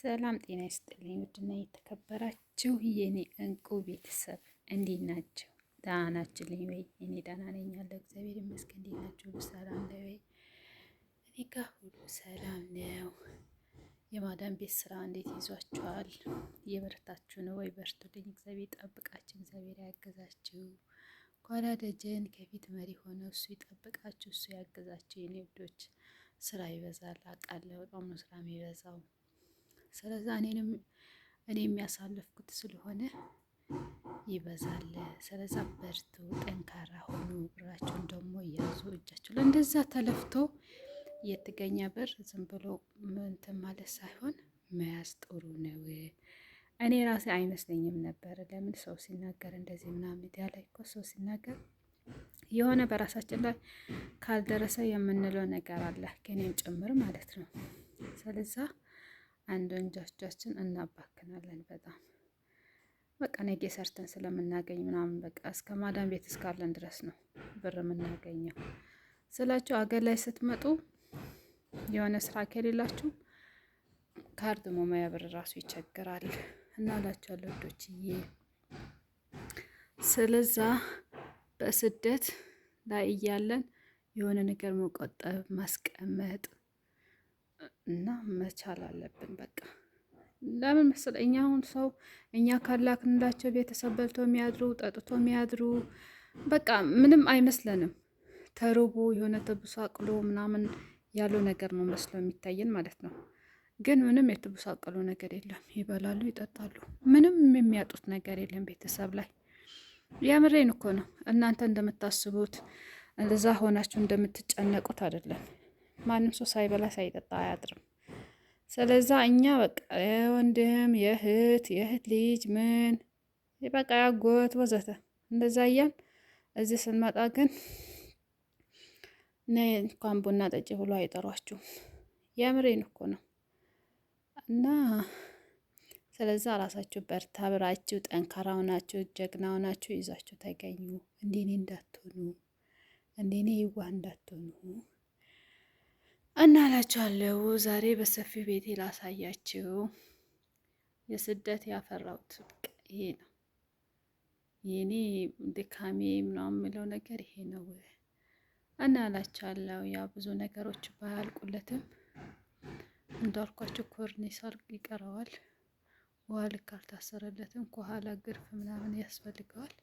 ሰላም ጤና ይስጥልኝ። ውድና የተከበራችሁ የኔ እንቁ ቤተሰብ እንዴት ናቸው? ደህና ናችሁልኝ ወይ? እኔ ደህና ነኝ አለ እግዚአብሔር ይመስገን። እንዴት ናችሁ? ሰላም ነው ወይ? እኔ ጋር ሁሉ ሰላም ነው። የማዳን ቤት ስራ እንዴት ይዟችኋል? የበረታችሁ ነው ወይ? በርቱልኝ። እግዚአብሔር ይጠብቃችሁ። እግዚአብሔር ያገዛችሁ። ኋላ ደጀን ከፊት መሪ ሆነ እሱ ይጠብቃችሁ፣ እሱ ያገዛችሁ። የኔ ውዶች ስራ ይበዛል አውቃለሁ። በጣም ነው ስራ የሚበዛው። ስለዛ እኔንም እኔ የሚያሳልፍኩት ስለሆነ ይበዛል። ስለዛ በርቱ፣ ጠንካራ ሆኑ፣ ብራቸውን ደግሞ እያዙ እጃቸው ለእንደዛ ተለፍቶ የተገኘ ብር ዝም ብሎ እንትን ማለት ሳይሆን መያዝ ጥሩ ነው። እኔ ራሴ አይመስለኝም ነበር። ለምን ሰው ሲናገር እንደዚህ ምናምን ላይ እኮ ሰው ሲናገር የሆነ በራሳችን ላይ ካልደረሰ የምንለው ነገር አለ፣ ከኔም ጭምር ማለት ነው። ስለዛ አንድ እንጃቻችን እናባክናለን በጣም በቃ ነገ ሰርተን ስለምናገኝ ምናምን በቃ እስከ ማዳም ቤት እስካለን ድረስ ነው ብር የምናገኘው ስላችሁ አገር ላይ ስትመጡ የሆነ ስራ ከሌላችሁ ካርድ መሙያ ብር ራሱ ይቸግራል እና እላችኋለሁ ወዶችዬ። ስለዛ በስደት ላይ እያለን የሆነ ነገር መቆጠብ ማስቀመጥ እና መቻል አለብን በቃ ለምን መሰለ እኛ አሁን ሰው እኛ ካላክ እንዳቸው ቤተሰብ በልቶ የሚያድሩ ጠጥቶ የሚያድሩ በቃ ምንም አይመስለንም። ተርቦ የሆነ ተብሳቅሎ ምናምን ያለው ነገር ነው መስሎ የሚታየን ማለት ነው። ግን ምንም የተብሳቀሉ ነገር የለም። ይበላሉ፣ ይጠጣሉ። ምንም የሚያጡት ነገር የለም ቤተሰብ ላይ። ያምሬን እኮ ነው። እናንተ እንደምታስቡት እንደዛ ሆናችሁ እንደምትጨነቁት አይደለም። ማንም ሰው ሳይበላ ሳይጠጣ አያድርም። ስለዛ እኛ በቃ የወንድም የእህት የእህት ልጅ ምን በቃ ያጎት ወዘተ እንደዛ እያል እዚህ ስንመጣ ግን ነይ እንኳን ቡና ጠጭ ብሎ አይጠሯችሁም። የምሬን እኮ ነው። እና ስለዛ ራሳችሁ በርታ ብራችሁ ጠንካራው ናችሁ ጀግናው ናችሁ ይዛችሁ ተገኙ። እንዴኔ እንዳትሆኑ፣ እንዴኔ ይዋ እንዳትሆኑ። እና እላችኋለሁ ዛሬ በሰፊው ቤቴ ላሳያችሁ የስደት ያፈራሁት ይሄ ነው። የኔ ድካሜ ምናምን የምለው ነገር ይሄ ነው እና እላችኋለሁ ያ ብዙ ነገሮች ባያልቁለትም እንዳልኳቸው ኮርኒስ ይቀረዋል። ውሃ ልክ አልታሰረለትም። ከኋላ ግርፍ ምናምን ያስፈልገዋል።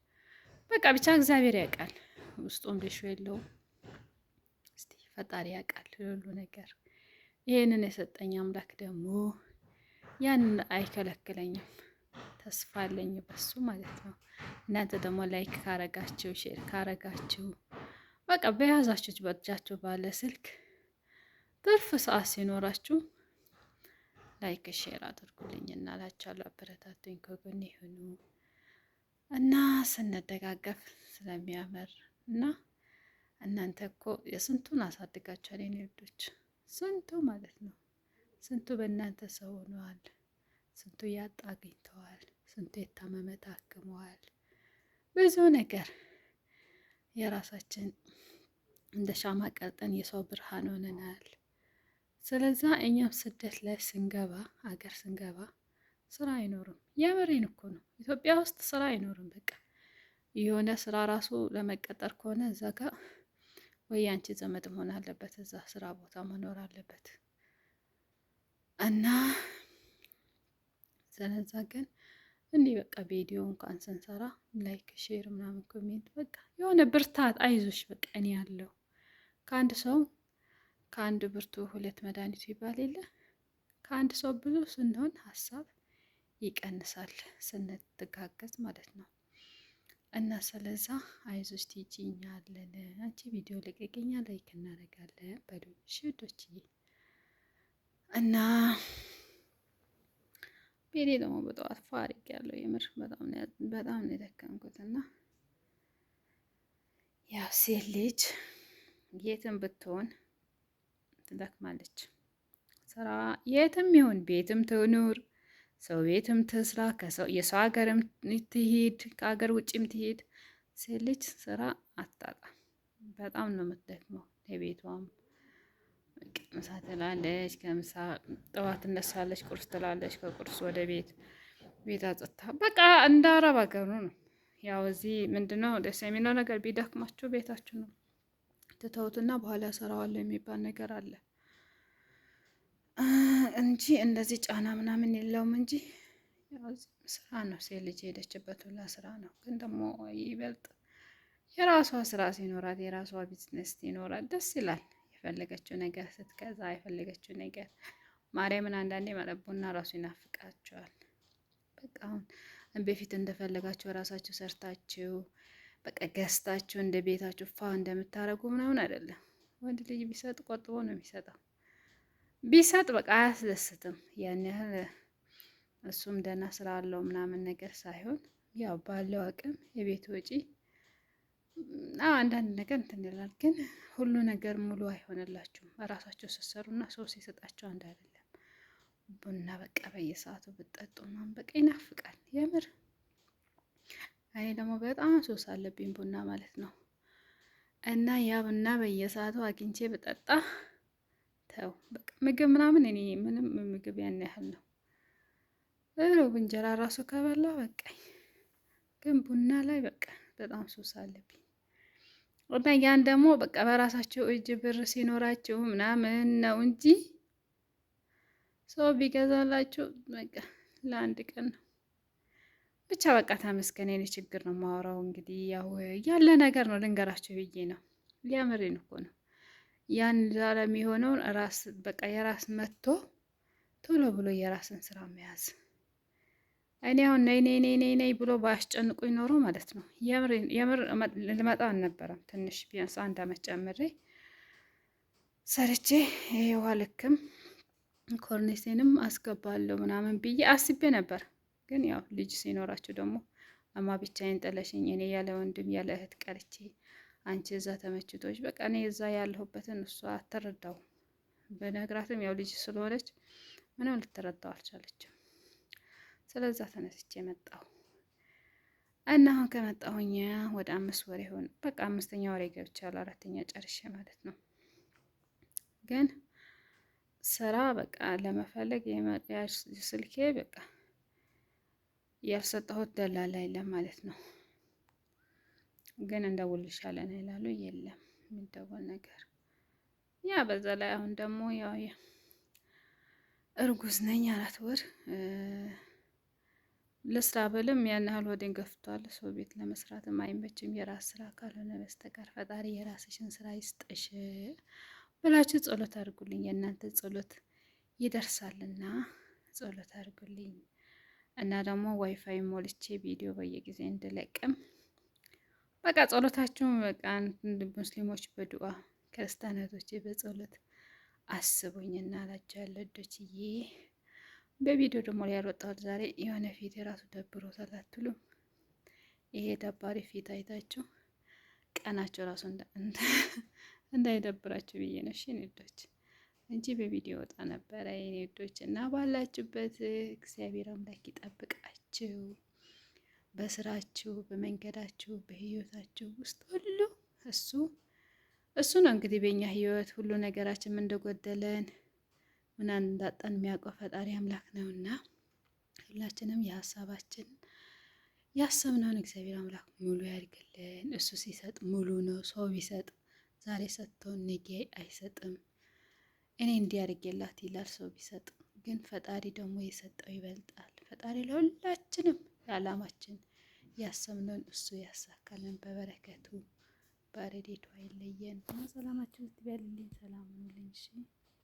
በቃ ብቻ እግዚአብሔር ያውቃል። ውስጡም ልሹ የለውም ፈጣሪ ያውቃል ሁሉ ነገር። ይህንን የሰጠኝ አምላክ ደግሞ ያንን አይከለክለኝም። ተስፋ አለኝ በሱ ማለት ነው። እናንተ ደግሞ ላይክ ካረጋችሁ፣ ሼር ካረጋችሁ በቃ በያዛችሁት በእጃችሁ ባለ ስልክ ትርፍ ሰዓት ሲኖራችሁ ላይክ ሼር አድርጉልኝ እና ላችኋለሁ። አበረታቱኝ፣ ከጎን ሁኑ እና ስንደጋገፍ ስለሚያምር እና እናንተ እኮ የስንቱን አሳድጋችኋል የኔ ውዶች፣ ስንቱ ማለት ነው። ስንቱ በእናንተ ሰው ሆነዋል። ስንቱ ያጣ አግኝተዋል። ስንቱ የታመመ ታክመዋል። ብዙ ነገር የራሳችን እንደ ሻማ ቀልጠን የሰው ብርሃን ሆነናል። ስለዛ እኛም ስደት ላይ ስንገባ አገር ስንገባ ስራ አይኖርም። የምሬን እኮ ነው። ኢትዮጵያ ውስጥ ስራ አይኖርም። በቃ የሆነ ስራ ራሱ ለመቀጠር ከሆነ እዛ ጋር ወይ አንቺ ዘመድ መሆን አለበት፣ እዛ ስራ ቦታ መኖር አለበት እና ስለዛ ግን እንዲህ በቃ ቪዲዮ እንኳን ስንሰራ ላይክ፣ ሼር ምናምን ኮሜንት በቃ የሆነ ብርታት አይዞሽ፣ በቃ እኔ ያለው ከአንድ ሰው ከአንድ ብርቱ ሁለት መድኃኒቱ ይባል የለ ከአንድ ሰው ብዙ ስንሆን ሀሳብ ይቀንሳል ስንትጋገዝ ማለት ነው። እና ስለዛ አይዞሽ ቲጂ እኛ አለን። አንቺ ቪዲዮ ለቀቀኛ ላይክ እናደርጋለን በሉኝ እሺ እና ቤቴ ደግሞ በጠዋት ፋሪቅ ያለው የምር በጣም ነው የደከምኩት። እና ያው ሴት ልጅ የትም ብትሆን ትደክማለች። ስራ የትም ይሁን ቤትም ትኑር ሰው ቤትም ትስራ፣ የሰው ሀገርም ትሄድ፣ ከሀገር ውጭም ትሄድ፣ ሴት ልጅ ስራ አታጣም። በጣም ነው የምትደክመው። የቤቷም ምሳ ትላለች፣ ከምሳ ጠዋት እነሳለች፣ ቁርስ ትላለች፣ ከቁርስ ወደ ቤት ቤት አጽታ በቃ እንደ አረብ ሀገሩ ነው። ያው እዚህ ምንድነው ደስ የሚለው ነገር ቢደክማችሁ ቤታችሁ ነው ትተውትና በኋላ ሰራዋለሁ የሚባል ነገር አለ። እንጂ እንደዚህ ጫና ምናምን የለውም እንጂ ስራ ነው። ሴት ልጅ ሄደችበት ሁላ ስራ ነው። ግን ደግሞ ይበልጥ የራሷ ስራ ሲኖራት የራሷ ቢዝነስ ሲኖራት ደስ ይላል። የፈለገችው ነገር ስትገዛ የፈለገችው ነገር ማርያምን አንዳንዴ መለቡና ራሱ ይናፍቃቸዋል። በቃ አሁን በፊት እንደፈለጋችሁ ራሳችሁ ሰርታችሁ በቃ ገዝታችሁ እንደ ቤታችሁ ፋ እንደምታደርጉ ምናምን አይደለም። ወንድ ልጅ ቢሰጥ ቆጥቦ ነው የሚሰጠው። ቢሰጥ በቃ አያስደስትም። ያን ያህል እሱም ደህና ስራ አለው ምናምን ነገር ሳይሆን ያው ባለው አቅም የቤት ወጪ አንዳንድ ነገር እንትን ይላል። ግን ሁሉ ነገር ሙሉ አይሆንላችሁም። ራሳቸው ስትሰሩ እና ሰው ሲሰጣቸው አንድ አይደለም። ቡና በቃ በየሰዓቱ ብጠጡ ምናምን በቃ ይናፍቃል የምር። እኔ ደግሞ በጣም ሶስ አለብኝ ቡና ማለት ነው እና ያ ቡና በየሰዓቱ አግኝቼ ብጠጣ ተው በቃ ምግብ ምናምን እኔ ምንም ምግብ ያን ያህል ነው። እሮብ እንጀራ ራሱ ከበላ በቃኝ። ግን ቡና ላይ በቃ በጣም ሱስ አለብኝ እና ያን ደግሞ በቃ በራሳቸው እጅ ብር ሲኖራቸው ምናምን ነው እንጂ ሰው ቢገዛላቸው በቃ ለአንድ ቀን ነው። ብቻ በቃ ተመስገን። የኔ ችግር ነው ማውራው እንግዲህ ያው ያለ ነገር ነው ልንገራቸው ብዬ ነው። ሊያምሬን እኮ ነው ያን ዛሬ የሆነውን ራስ በቃ የራስ መጥቶ ቶሎ ብሎ የራስን ስራ መያዝ። እኔ አሁን ነይ ነይ ነይ ነይ ብሎ ባያስጨንቁኝ ኖሮ ማለት ነው የምር ልመጣ አልነበረም። ትንሽ ቢያንስ አንድ አመት ጨምሬ ሰርቼ ይሄዋ ልክም ኮርኔሴንም አስገባለሁ ምናምን ብዬ አስቤ ነበር። ግን ያው ልጅ ሲኖራችሁ ደግሞ አማ ብቻዬን ጥለሽኝ እኔ ያለ ወንድም ያለ እህት ቀርቼ አንቺ እዛ ተመችቶች በቃ እኔ እዛ ያለሁበትን እሷ አትረዳው። በነግራትም ያው ልጅ ስለሆነች ምንም ልትረዳው አልቻለችም። ስለዛ ተነስቼ መጣሁ እና አሁን ከመጣሁኝ ወደ አምስት ወር ይሆን በቃ አምስተኛ ወሬ ገብቻለሁ። አራተኛ ጨርሼ ማለት ነው። ግን ስራ በቃ ለመፈለግ ስልኬ በቃ ያልሰጠሁት ደላላ የለም ማለት ነው። ግን እንደውልሻለን ይላሉ። የለም የሚደወል ነገር ያ በዛ ላይ አሁን ደግሞ ያው እርጉዝ ነኝ አራት ወር ለስራ ብልም ያን ያህል ወዴን ገፍቷል። ሰው ቤት ለመስራትም አይመችም የራስ ስራ ካልሆነ በስተቀር ፈጣሪ የራስሽን ስራ ይስጠሽ ብላችሁ ጸሎት አድርጉልኝ። የእናንተ ጸሎት ይደርሳልና ጸሎት አድርጉልኝ እና ደግሞ ዋይፋይ ሞልቼ ቪዲዮ በየጊዜ እንድለቅም በቃ ጸሎታችሁን በቃ ሙስሊሞች በዱዓ ክርስቲያናቶች በጸሎት አስቡኝ እናላቸው ያለዶች እዶችዬ። በቪዲዮ ደግሞ ላይ ያልወጣሁት ዛሬ የሆነ ፊት የራሱ ደብሮታል አትሉም? ይሄ ደባሪ ፊት አይታችሁ ቀናቸው ራሱ እንዳይደብራችሁ ብዬ ነው። እሺ ንዶች እንጂ በቪዲዮ ወጣ ነበረ የኔ እዶች እና ባላችሁበት እግዚአብሔር አምላክ ይጠብቃችሁ። በስራችሁ፣ በመንገዳችሁ፣ በህይወታችሁ ውስጥ ሁሉ እሱ እሱ ነው እንግዲህ በእኛ ህይወት ሁሉ ነገራችን እንደጎደለን ምን እንዳጣን የሚያውቀው ፈጣሪ አምላክ ነውና ሁላችንም የሀሳባችን ያሰብነውን እግዚአብሔር አምላክ ሙሉ ያድርግልን። እሱ ሲሰጥ ሙሉ ነው። ሰው ቢሰጥ ዛሬ ሰጥቶ ነገ አይሰጥም። እኔ እንዲህ አድርጌላት ይላል ሰው ቢሰጥ፣ ግን ፈጣሪ ደግሞ የሰጠው ይበልጣል። ፈጣሪ ለሁላችንም ለዓላማችን ያሰምነውን እሱ ያሳካልን። በበረከቱ በረዴቱ አይለየን እና ሰላማችን ትበልልኝ። ሰላም ሁኑልኝ።